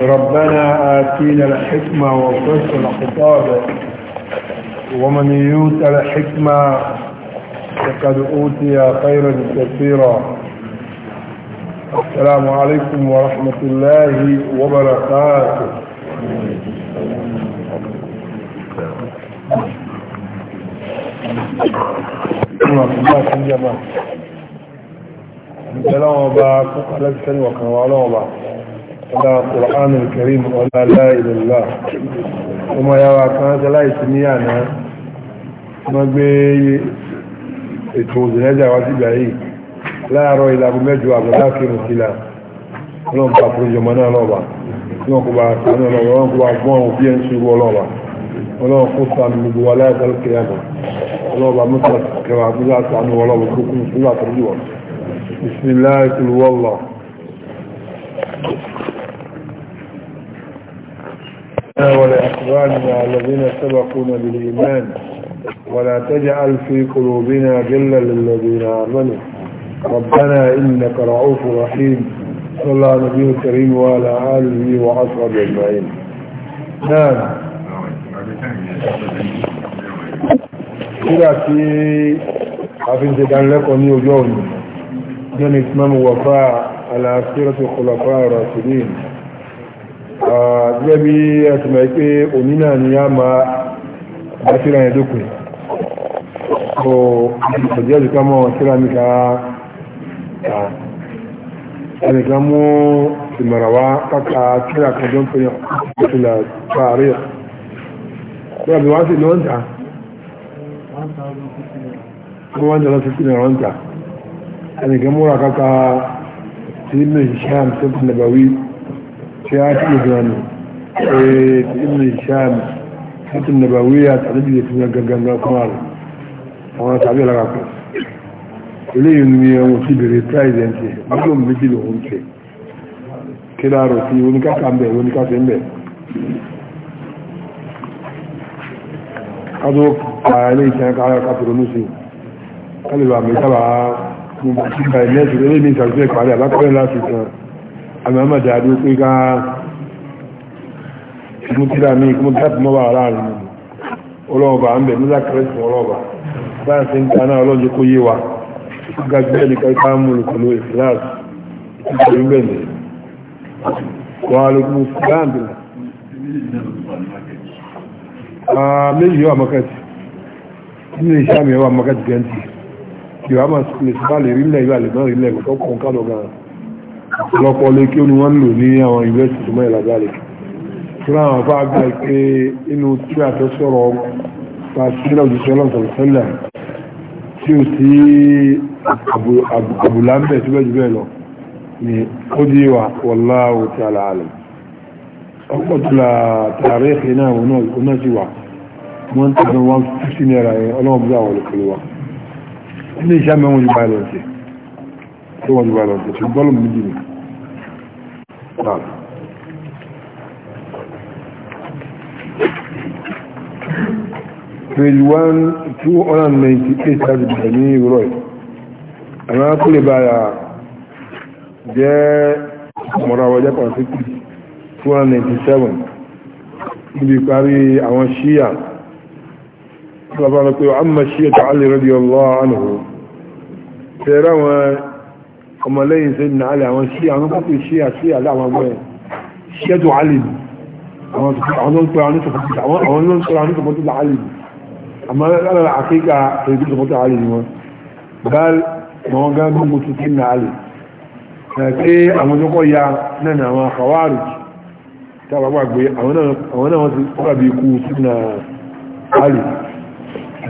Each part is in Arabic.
ربنا آتينا الحكمة وفصل الخطاب ومن يؤت الحكمة فقد أوتي خيرا كثيرا السلام عليكم ورحمة الله وبركاته Ìjọba ọba kọ́kọ́ lẹ́gbẹ̀ẹ́ ìwọ̀kan wa ọlọ́wọ́ ولا القرآن الكريم ولا لا إله الله وما يرى كانت لا يسميانا ما بي ètò ìrẹ́jà wá sí ìgbà yìí láàárọ̀ ìlàgbò mẹ́jọ àgbàlá kírù sílá ọlọ́run pa fúrújọmọ náà lọ́wà tí wọ́n kó bá sàánú ọlọ́wà wọ́n kó bá gbọ́n òun bí ẹn ṣubú ọlọ́wà ọlọ́run kó sàánú gbogbo wa láyé sáré kiri àmọ́ ọlọ́wà mọ́tò kẹwàá gbúdá sàánú ọlọ́wà tó kún fún àtúndì wọn bismillah ìtulúwọ́lọ́ إخواننا الذين سبقونا بالإيمان ولا تجعل في قلوبنا جلا للذين آمنوا ربنا إنك رعوف رحيم صلى الله على نبيه الكريم وعلى آله وأصحابه أجمعين نعم كده في حافظ كان لكم يوم جون جن اسمه وفاء على سيرة الخلفاء الراشدين Ah, gẹ́gẹ́ bí ẹ̀sùn mẹ́ pé òní náà ni a máa bá síra yẹn dókùn so ìpọ̀jẹ́ ìdíkà mọ́ síra mi ká ẹnìkan mú ìmọ̀ràwá káka síra kan jọ ń pè yàn ìpìlẹ̀ parí ẹ̀ bí wọ́n bí wọ́n sì lọ́ńtà wọ́n jẹ́ lọ́sí sí lọ́ńtà ẹnìkan múra káka sí ilé ìṣẹ́ àmì tó شهادة إبراهيم ابن هشام حتى النبوية تعليم في جنجان كمال وانا تعليم لك ilé yìí ni wọ́n ti bèèrè president nílò méjì lòun ṣe kí láàrù sí oníkàkà ń bẹ̀ oníkàkà ń bẹ̀ kátó ààrẹ ìṣẹ́ kátòrò ní sí kálìbà mẹ́tàbà mú bá sí ìgbà ẹ̀mẹ́sì lórí ní ìsàkúsẹ́ ìpàdé àbákọ́rẹ́ láti gan àmàmà dàdó pé ká mú tíra mi kí mú dáàbò mọ́wà aláàrin mi ọlọ́ọ̀bà ń bẹ̀ nílá kẹrẹsì ọlọ́ọ̀bà báyà sí ń ta náà ọlọ́jẹ́ kó yé wa ga gbẹ́ ní káríká mú lùkùlù ìfìláàsì ìfìlú bẹ̀ ní wà lókùn fìláàbì méjì yóò àmọ́kẹ́tì nínú lọ́pọ̀ lè kí ní wọ́n lò ní àwọn university tó mẹ́rin lágbàlẹ̀ tí wọ́n àwọn afáà gbà pé inú tí a fẹ́ sọ̀rọ̀ pa sílẹ̀ òjíṣẹ́ lọ́sọ̀ sẹ́lẹ̀ tí ó sí àbùlá ń bẹ̀ tí bẹ́ẹ̀ jù bẹ́ẹ̀ lọ ni ó di wà wallahu ta'ala alim ọ̀pọ̀ tó la tààrí ẹ̀fẹ́ náà wọn náà sì wà wọ́n tẹ̀lé wọn fífi náírà yẹn ọlọ́wọ́n bí àwọn olùkọ́lé wa ní ìṣàmẹ́wọ̀n ìbáraẹ̀ tó wọ́n jùlọ lọ́jọ́ tí bọ́ọ̀lù méjì ni page one two hundred and ninety eight láti bẹ̀rẹ̀ ní ìrọ̀ ẹ̀ àwọn akúlẹ̀ báyà jẹ́ mọ̀ráwọ̀ jẹ́ pàṣípì two hundred and ninety seven níbi parí àwọn ṣíyà lọ́pàá lọ́pẹ́ àmà ṣíyà tààlì radiyallahu anhu tẹ́ra wọn ọmọlẹ́yìn sẹ́yìn náà alẹ́ àwọn sí àwọn pọ́pù sí àti àlẹ́ àwọn ọmọ ẹ̀ ṣẹ́dù alìmù àwọn ló ń pẹ́ àwọn ló ń sọ́ra ní sọpọ́tù alìmù àmọ́ lára àkíkà tẹ̀lé sọpọ́tù alìmù wọn bá wọn gán gbogbo tuntun náà alì pé àwọn tó kọ́ ya náà ní àwọn àkàwárì tí a bá gbàgbé àwọn náà wọ́n ti kọ́ra bí ikú sínú alì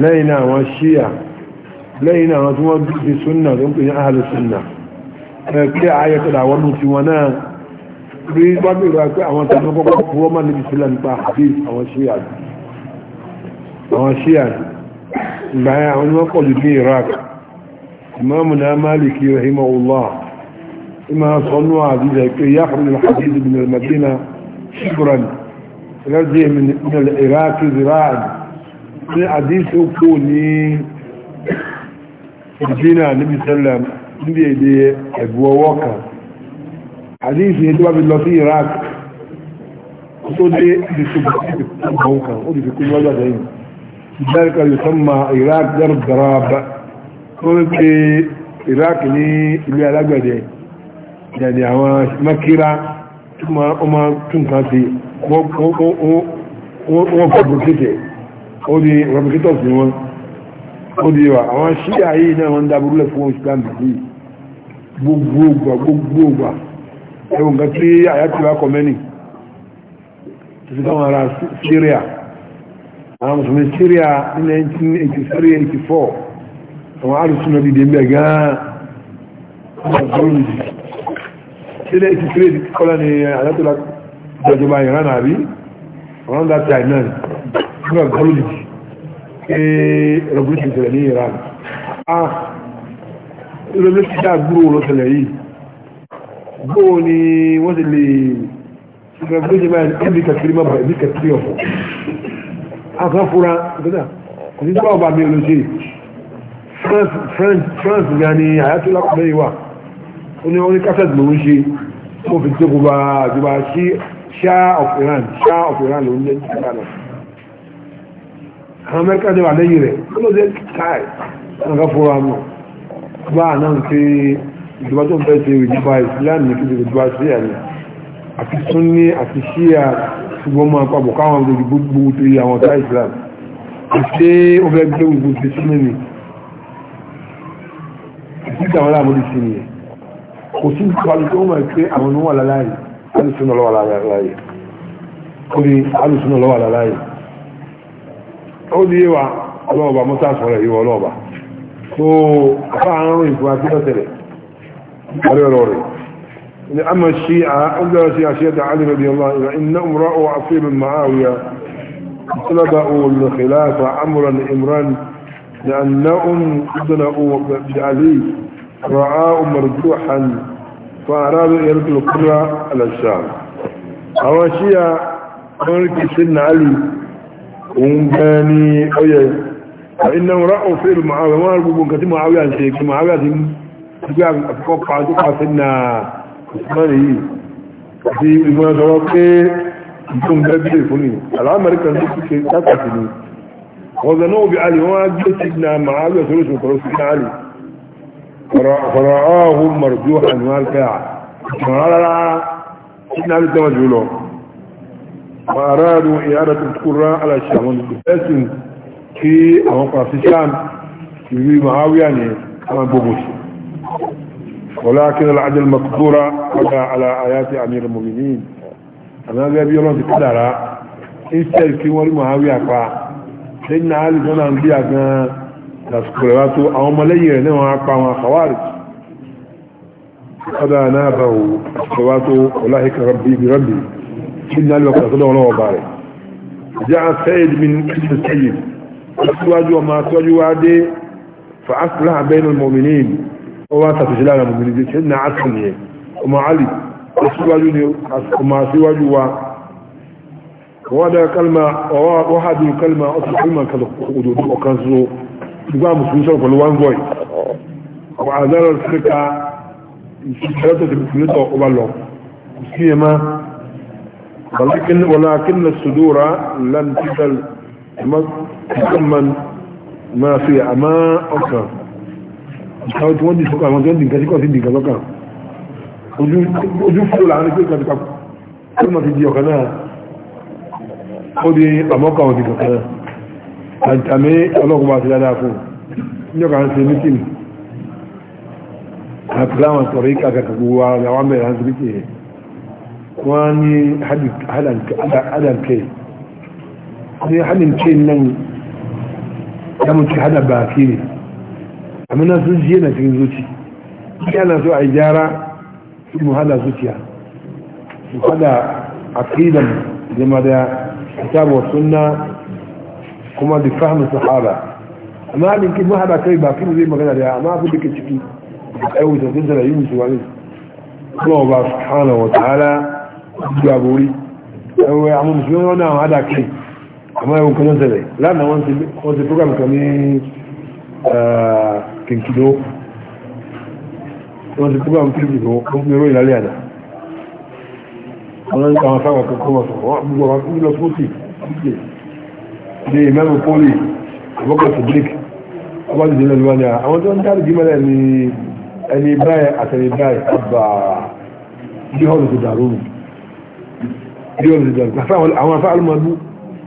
lẹ́yìn náà ṣíyà lẹ́yìn náà tí wọ́n dúdú sunna tó ń pè ní ahàlù sunna pé ààyè tó dà wọnú tí wọn náà rí gbọ́dọ̀ ìrọ̀ pé àwọn tàbí kọ́kọ́ fọwọ́ máa níbi sílẹ̀ nípa àbí àwọn ṣíyà àwọn ṣíyà ìgbà yẹn àwọn ọmọ pọ̀ jù ní Iraq ìmáàmù náà Málìkì rahimahullah ìmá sọnù àdìjẹ pé yàkùn ní àdìjẹ bin al-Madina shibran rẹ́jẹ̀ min al-Iraq ziraan ní àdìjẹ kò ní Madina níbi sílẹ̀ níbi èdè ẹ̀bù ọwọ́ kan àdíṣe tó bá fi lọ sí Iraq tó dé ibi tó bá fi kú kan ó ti fi kú níwájú àtẹ́yìn ìdáríkà yóò tán ma Iraq dáradára tó ń pe Iraq ní ilé alágbẹ̀dẹ ìdàdì àwọn makira tó máa tún kan sí wọ́n fabricate ó di fabricators ni wọ́n ó di wa àwọn ṣíyà yìí náà wọ́n dábúrú lẹ́fún Islam bìí gbogbo ògbà gbogbo ògbà ẹwọ̀n nǹkan tí àyàtìwá kọmẹ́nì títí táwọn ará syria àwọn mùsùlùmí syria ní 1983-84 àwọn alùsùn náà dìde mẹ́ gan-an sílẹ̀ 83 kọ́lá ni àyàtìwá jọjọba ìran àbí around that time náà nígbà gọ́lùdì kí revolution ní ìran ah ilé ló ti dá gbúrò lọ́sẹ̀lẹ̀ yìí gbóò ni wọ́n ti lè ṣùgbọ́n gbé jẹ́ báyìí ẹbí kẹkiri má bàbí kẹkiri ọ̀fọ̀ àkàn fúra gbẹ́dà kò sí sábà bàbí olóṣè France ni a ní àyàtúlá kọ́ lẹ́yìn wà ó ní wọ́n ní kásẹ̀tì lòún ṣe tó fi tó gbogbo àjọba sí Shah of Iran Shah of Iran lòún lẹ́yìn ìgbà náà àwọn Amẹ́ríkà ti wà lẹ́yìn rẹ̀ ó ló dé káì àkàn fúra mọ́ báà náà pé ìjọba tó ń fẹ́ ṣe ìjọba islam ní kíbi ìjọba sí àyè àti sunni àti shia ṣùgbọ́n máa papọ̀ káwọn gbogbo tó yẹ àwọn ọ̀tá islam àti ó fẹ́ gbé gbogbo ti sunni ni ìdíkà wọn láàmú ti sinmi kò sí ìpàdé tó máa pé àwọn oníwà láláyè alùsùn lọ́wọ́ láláyè ó ní alùsùn lọ́wọ́ láláyè ó ní yé wa ọlọ́ọ̀bà mọ́tà sọ̀rọ̀ ìwọ ọlọ́ọ̀bà فعنوا يفعاتي بسلي قالوا الوري لأما الشيعة أبدأ الشيعة شيعة علي رضي الله إلا إن أمرأة وعصير المعاوية طلبوا الخلافة عمرا إمرا لأنهم أبدأوا بعلي رعاه مرجوحا فأرادوا يرد القرى على الشام أما الشيعة أمرك سن علي ومباني أيه فإنه رأوا في المعاوية ما أن كتب معاوية شيء معاوية تقول أفكوك عدوك سنة عثماني في المناسبات إيه؟ يكون بابل فني العمر كان يكون تاتفني وظنوا بعلي هو أجل سيدنا معاوية ثلاثة وثلاثة علي فرآهم مرجوحا والكاعة سيدنا علي تمجهولهم وأرادوا إعادة الكرة على الشام بس kí àwọn kọ̀ọ̀síṣàn ìlú mahawiya ni àwọn gbogbo sí ولكن العدل المقدور على آيات أمير المؤمنين أنا أبي يقول لك قدر إستيل كي ولي مهاوية فا سيدنا علي كان عن بيعنا تذكرات أو مليئة نوع قام خوارج قد نابه تذكرات أولئك ربي بربي سيدنا علي وقت أخذ ولو بارك جاء سيد من اسم السيد síwájú ọmọ síwájú wá dé fa aslaha bainal mu'minin ó wá sàtúnṣe lára mọ̀mìnì jẹ́ ṣẹ́nà asìlì ẹ̀ ọmọ alì síwájú ni ọmọ síwájú wa wọ́n dá kalma ọwọ́ hajjú kalma ọ̀sán kalma kàlùkùdù ọ̀kan so gbá musulun sọ̀rọ̀ pẹ̀lú one voice ọ̀pọ̀ àzárar síríkà ìṣẹ́lẹ̀tọ̀ ti pìlẹ̀tọ̀ ọba lọ sí ẹ̀má wàlákin na sùdúra lantikal musamman máa fi àmá ọkàn ìtàwọn tí wọ́n dì sọ́kàn àwọn tí wọ́n dì nǹkan síkọ̀ sí dì nǹkan sọ́kàn ojú fún láàrin pé ìkàtí papọ̀ tó mọ̀ ti di ọ̀kan náà ó di àmọ́kàn òdì kankan náà àtàmì ọlọ́gbọ̀n àti dáadáa fún ní ọkàn ṣe mítìm àti láwọn sọ̀rọ̀ ìkà kàkà gbogbo wa àwọn mẹ́rin àti mítìm wọ́n ní adànkẹ́ sai hannun ce nan ya mutu hada baki ne amina sun ji yana cikin zuci yana so a yi gyara su mu hada zuciya su hada aqidan zama da kitabu wa sunna kuma da fahimta sahaba amma abin kin mahada kai baki mu zai magana da amma abin da ke ciki da aiwata sun zara yi musu wani kuma ba su hana wa ta'ala ya bori yawon musulmi wani hada kai àmọ́ ẹ̀wọ̀n kan lọ́sẹ̀lẹ̀ lánàá wọ́n ti program kan ní kìkìdó wọ́n ti program kìkìdó wọ́n fi ròyìn lálẹ́ àná àwọn àwọn sáwọn kankan wọ́n sọ̀rọ̀ wọ́n gbogbo àwọn kúrò lọ sóòtì ní ìmẹ́rin poli àbọ́kọ̀ sùdík ọba ti dìlẹ̀ lọ́wọ́ ní àwọn tó ń dárí gímẹ́lẹ̀ ní ẹni báyẹ̀ àtẹni báyẹ̀ àbà bí ọ̀rọ̀ ti dàrú bí ọ̀rọ̀ ti dàrú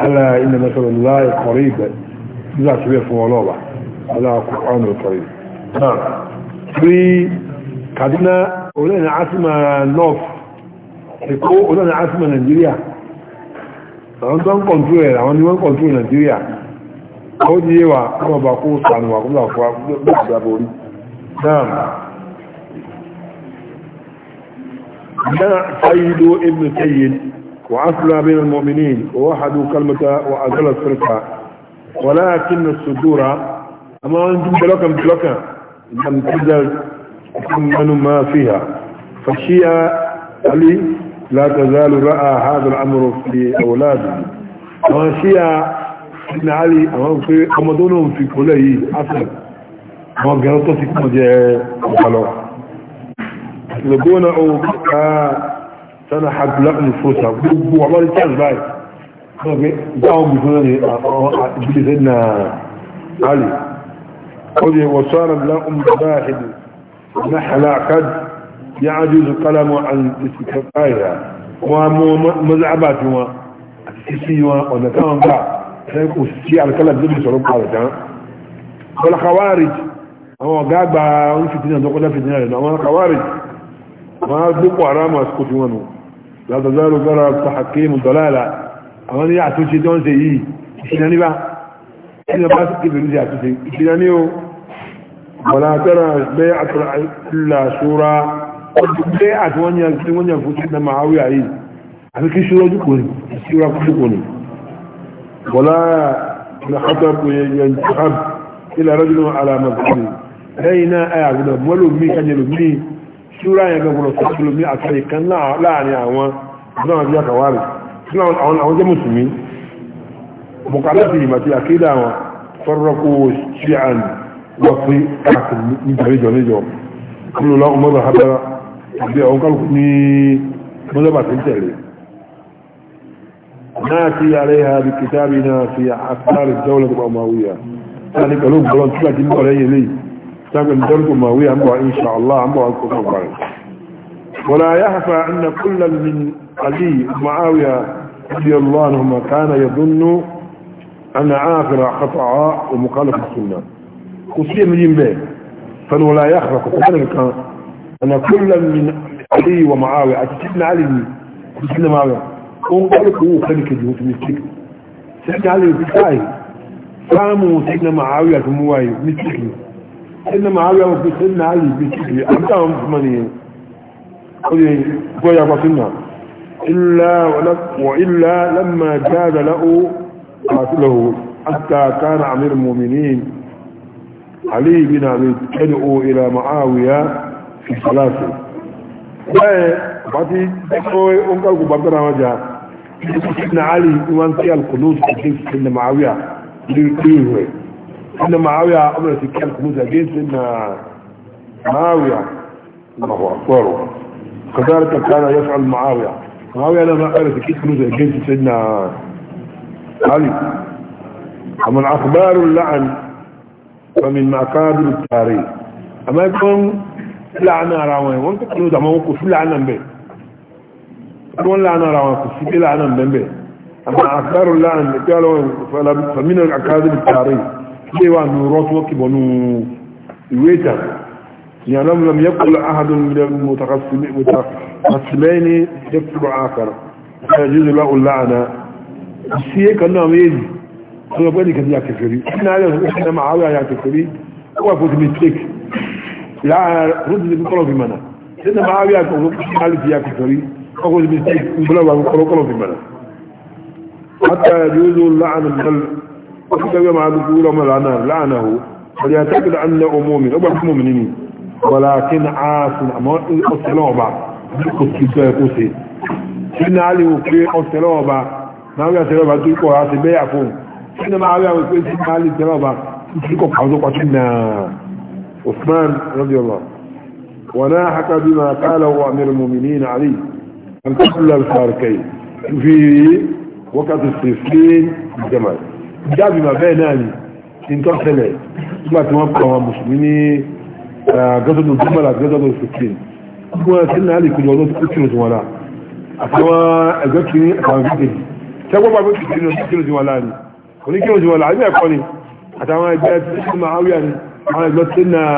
ألا إن مثل الله قريب لا تبيع فهو الله على القرآن القريب نعم في كادنا أولئنا عاصمة نوف إكو أولئنا عاصمة نيجيريا àwọn tó ń kọ̀ntú rẹ̀ àwọn ni wọ́n kọ̀ntú nàìjíríà ó di yíwa ọmọ bá kó sànúwà kó bá fún àgbàborí náà náà sáyídó ibn tayyin وعصلها بين المؤمنين ووحدوا كلمة وأزل الفرقة ولكن الصدور أما أنتم بلوكا بلوكا لم تزل تؤمن ما فيها فالشيعة علي لا تزال رأى هذا الأمر في أولاده أما الشيعة سيدنا علي أما دونهم في كله أصلا أما قالوا في جاء وقالوا يقولون أو sọ́nà àgbàlápù fòsà gbogbo àwọn ìtàn báyìí wọ́n fi dáwọn gbùsùn ní àwọn ìbílẹ̀ na alì ó di wọ́n sọ́nà lápùn báyìí na halakad ya ajizu kalamu an istikaiya wọ́n mú mazaba tí wọ́n àti sí wọn ọ̀nà táwọn gbà sai kò sí alkalam níbi sọ̀rọ̀ pàrọ̀ tán wọ́n kawarij àwọn ọ̀gá àgbà ń fitina tó kọjá fitina rẹ̀ àwọn kawarij wọ́n á gbé pọ̀ ara masu kò fi wọn nù لقد قالوا قالوا ربك حكيم الضلالة أمان يعطوك دون سيئي إذن با إذن با سكيب نزي عطوسي إذن يو ولا ترى بيعة كل سورة بيعة وان يكتب وان يكتب سيدنا معاوية عيد هذا كي سورة جكوني سورة جكوني ولا نخطب وينتخب إلى رجل على مبعوني أين أعقدم ولو مي كان يلو مي ṣúra yẹn gbogbo ṣàtúlùmí àtàrí kan láàrin àwọn ìdáwọn àbí àkàwárí àwọn jẹ́ mùsùlùmí bukadati ìmàtí àkídà wọn fọ́rọ́kú ṣíàn wọ́pí káàkiri níjọ níjọ kúlùlá ọmọdé habara àbí àwọn kálukú ní mọ́lẹ́bà tó ń tẹ̀lé náà ti yàrá ìhà bí kìtàbí náà fi àkàrí jẹ́ تاكل درج ماوي أمبع إن شاء الله أمبع الكتب ولا يهفى أن كل من علي معاوية رضي الله عنهما كان يظن أن آخر خطأ ومخالف السنة قصية من به فلا يخفى كذلك أن كل من علي ومعاوية أتتبنا علي كتبنا معاوية انقلق هو خلق جهوت مستيك سيدنا علي بكاي سامو سيدنا معاوية من مستيك إن معاوية وفي سيدنا علي في شكل أمتهم ثمانية قولي قوية بصنا إلا وإلا لما جاد له قاتله حتى كان أمير المؤمنين علي بن أبي يدعو إلى معاوية في ثلاثة باتي تقوي أنك بكرة وجه سيدنا علي وانسي القدوس في سيدنا معاوية للقيوه ان معاوية عملت كان كنوز جيد ان معاوية الله أكبر كذلك كان يفعل معاوية معاوية انا معاوية قالت كيف كنوز اجيز سيدنا علي أما الأخبار اللعن فمن مكابر التاريخ اما يكون لعنة راوين وانت كنو دعما وقف لعنة بي كون لعنة راوين كسيب لعنة بي اما اخبار اللعن فمن الاكاذب التاريخ ilé wa nù rọ́ tó kìbọ̀ nù ìwé ìtàn يعني لم لم يقل أحد من المتقسمين يكتب آخر فيجوز له اللعنة السيئة كأنه ميزي أنا بقول لك يا كفري إحنا على إحنا معاوية يا كفري هو كنت متك لا رد بقرب منا إحنا معاوية قالت يا كفري هو كنت متك بلا بقرب منا حتى يجوز اللعنة من وكذا ما يقول لهم لعنه لعنه وليعتقد أن أمومي أبو مؤمنني ولكن عاص أسلوبا كتكوسي إن علي وكي أسلوبا ما هو أسلوبا تلك عاص بيعفون إن ما هو وكي علي أسلوبا تلك قوزق وكنا عثمان رضي الله وناحك بما قاله أمير المؤمنين علي أن تقل الفاركين في وقت السيسلين الجمال jáàbì bàbẹ́ náà ni nǹkan tẹ́lẹ̀ nígbà tí wọ́n kọ́ àwọn mùsùlùmí ní gẹ́sọ́dọ̀ jùmọ̀lá gẹ́sọ́dọ̀ fifteen wọ́n ti náà lè kojú ọdún tó kìlọ̀ sí wọn náà àti wọn ẹgbẹ́ kiri àtàwọn fífi tẹ́gbọ́n bá fẹ́ kìlọ̀ sí kìlọ̀ sí wọn náà ni òní kìlọ̀ sí wọn náà ẹgbẹ́ ẹ̀kọ́ ni àtàwọn ẹgbẹ́ tí máa wíyà ni àwọn ẹgbẹ́ tí náà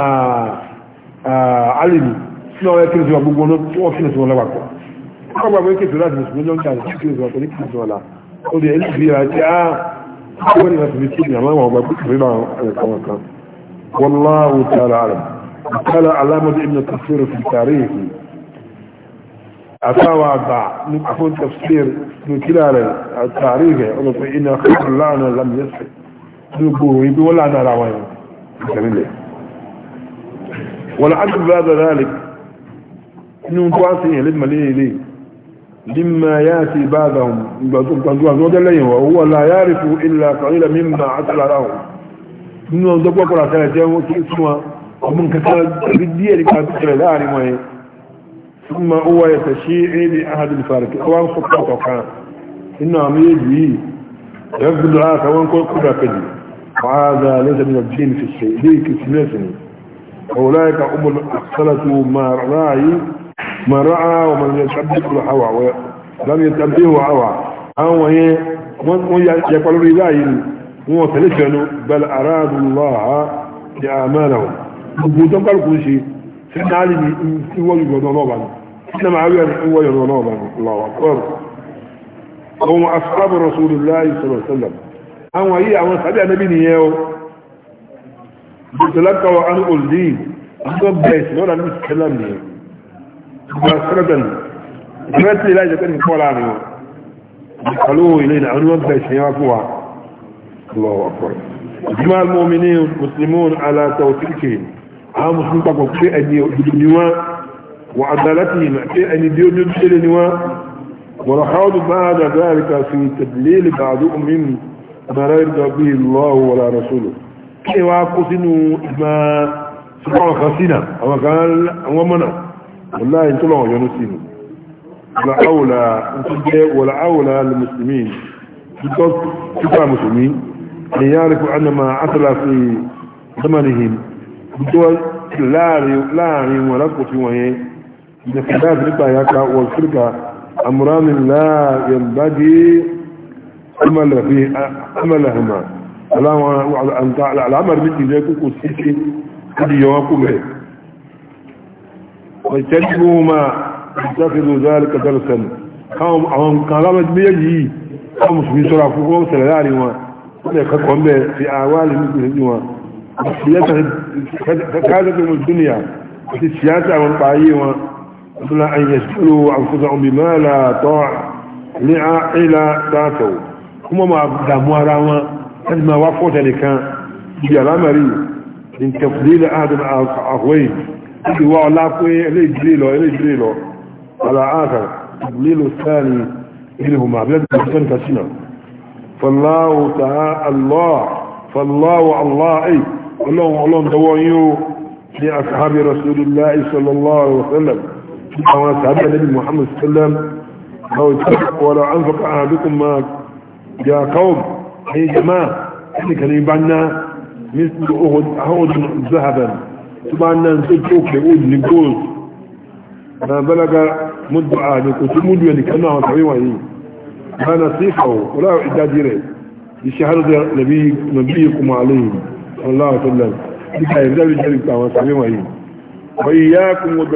alìní sínú àwọn ẹkìlọ̀ sí wọn gbogbo wọn tí wọ́n kìlọ̀ sí wọn lápapọ̀ wọ́n wọ́n ní láti fi kí ni lati الله ọgbà رضا ogba pipe والله تعالى اعلم قال علامة ابن التفسير في تاريخه أتاوى أبع أفون تفسير من كلال التاريخ إن خير أنا لم يسح نبوه يبي ولا أنا رواية ولعجب بعد ذلك إنه متواسية لما ليه ليه لما ياتي بعدهم وهو لا يعرف الا قليلا مما عدل لهم ثم هو يتشيع لأحد الفارق أو أن سبحانه وتعالى إنه يجي يفضل دعاء أو كل كده وهذا ليس من الدين في الشيء ليك سنسني أولئك هم الأصلة ما رأي من رأى ومن يتبه هوى لم يتبه هوى أو هي من يقول لله هو تلفن بل أراد الله لأعمالهم مبوطن قال كل شيء سنة علمي هو ينوبا سنة معاوية هو ينوبا الله أكبر هم أصحاب رسول الله صلى الله عليه وسلم أو هي أو صحابي النبي نيو تلقوا عن لي أنتم بيت ولا نمس كلام نيو الله أكبر جمع المؤمنين والمسلمون على توثيقهم هم سلطة في الدنيا وعدالتهم في أن يديون الدنيا ولحاول بعد ذلك في تدليل بعضهم من ما لا يرضى به الله ولا رسوله كيف أقصنوا إجماع سبحانه خسينا ومنع wallahi tó lọ́wọ́ yọnu sí ni wàláàwòlà tó jẹ́ wàláàwòlà lè mùsùlùmí tó kíkà mùsùlùmí ni ya rí fún annama asala fi zamanihim tó láàrin wọn lákòókí wọn yẹn da fada afirka ya ka wa afirka amuranin la yambagi amalahima al'amar miki zai kuku sisi فاجتنبوا ما اتخذوا ذلك درسا قام عن كلام بيجي قام في سرعة فوق سلالي وما يخطهم به في أعوال مثل وما السياسة كادت من الدنيا في السياسة والطعية وما دون أن يسألوا أنفسهم بما لا طاع لعائلة تاتوا هم ما داموا راما قد ما وفوا ذلك بيالا مريض من تفضيل أحد الأخوين يجي واو لا كوي لي دريلو لي دريلو على اخر دريلو الثاني اللي هما بلاد الفن كاسينا فالله تعالى الله فالله الله اي الله الله دوايو في اصحاب رسول الله صلى الله عليه وسلم في اصحاب النبي محمد صلى الله عليه وسلم ولا انفق احدكم ما يا قوم يا جماعه اللي كانوا يبعنا مثل احد احد ذهبا tuba nan sai coke wood ni gold na balaga mudu a ne ko tun mudu ya nikan na wata wewa ne ba na sifa wala wa idaji rai yi shahar da nabi nabi kuma alayhi sallallahu alaihi wasallam duka ya zabi jari ta wata wewa ne bai ya kuma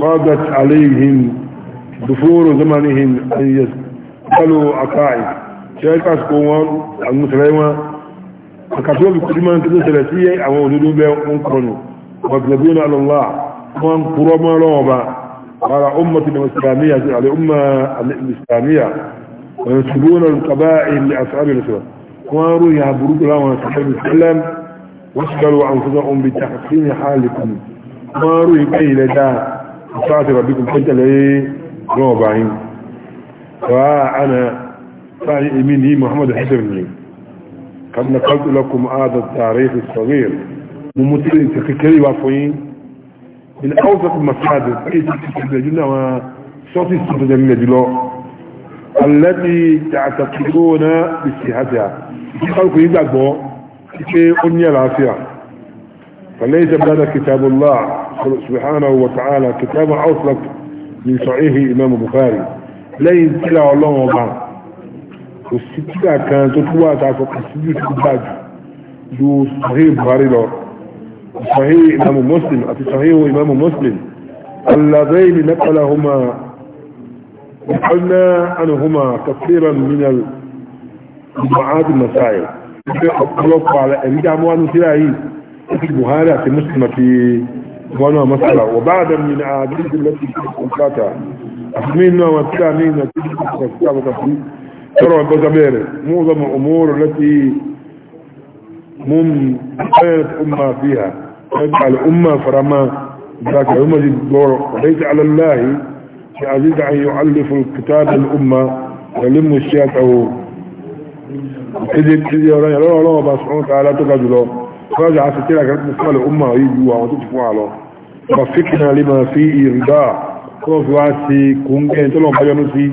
قادت عليهم دفور زمانهم أن يسألوا عقائد شايف أسكوان المسلمة فكتبوا بكلمة ثلاثية أو وجدوا بهم قرنوا وكذبون على الله وان قرما لوبا على أمة الإسلامية على أمة الإسلامية وينسبون القبائل لأصحاب الإسلام واروا يعبروا الله ونسحب السلام واسألوا أنفسهم بتحسين حالكم واروا يبقى إلى ذلك فاتي ربكم حتى لي روباين فأنا فاي إميني محمد حسبني قد نقلت لكم هذا التاريخ الصغير ممثل تقيكري وافوين من أوسط المصادر أي تقيكري جنة وصوتي صوتي جميلة دلو التي تعتقدون بصحتها خلق يبدأ بو كي أني العافية فليس بلاد كتاب الله سبحانه وتعالى كتاب أصلك من صحيح إمام بخاري لين تلا الله وضعه والستة كانت تتواتع في السجود الباج جو صحيح بخاري لور صحيح إمام مسلم أتي صحيح إمام مسلم اللذين نقلهما وقلنا عنهما كثيرا من المعاد المسائل الله على أريد أموال سلاحي في البخاري في مسلمة في وانا مسألة وبعد من عادلة التي تتكاتها أخمينا واتكامينا تتكاتها ترى البزمير معظم الأمور التي مم أمة فيها تجعل أمة فرما ذاك الأمة الدور وليس على الله عزيز أن يعلف الكتاب الأمة يلم الشيعة إذن إذن يرى الله لا وتعالى تقدر له فرجع ستيرا كانت مصر الأمة يجوا وتتفوا على وفقنا لما فيه رضا كوف واسي كونجين تلو بيانوسي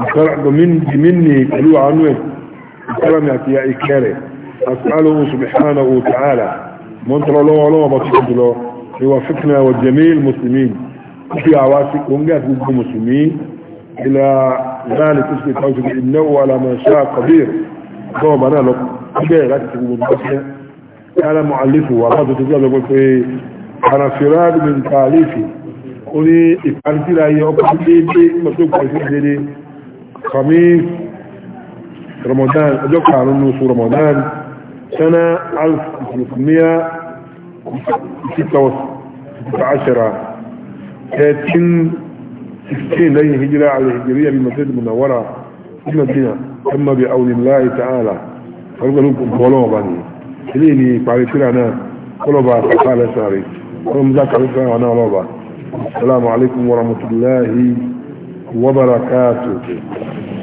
وكرأت من مني قلو عنوه وكرم يا إكاري أسأله سبحانه وتعالى منتر الله ولو بطيب له يوفقنا والجميع المسلمين في عواسي كونجات المسلمين إلى ذلك تسكي توجد إنه على ما شاء قدير هو بنا لك كده لا تسكي مدبسة على معلفه وعلى تتجاب يقول فيه على فراد من تاليفي قولي إفعالتي لأي أقليبي مطلوب قليبي خميس رمضان أجوك على النص رمضان سنة 1316 30 ستين لين هجرة على الهجرية بمسجد المنورة في المدينة أما بأول الله تعالى فلقد لكم قولوا بني إليني فعلي فرعنا قولوا فقال ساري ومزاك عليك وانا ربا السلام عليكم ورحمة الله وبركاته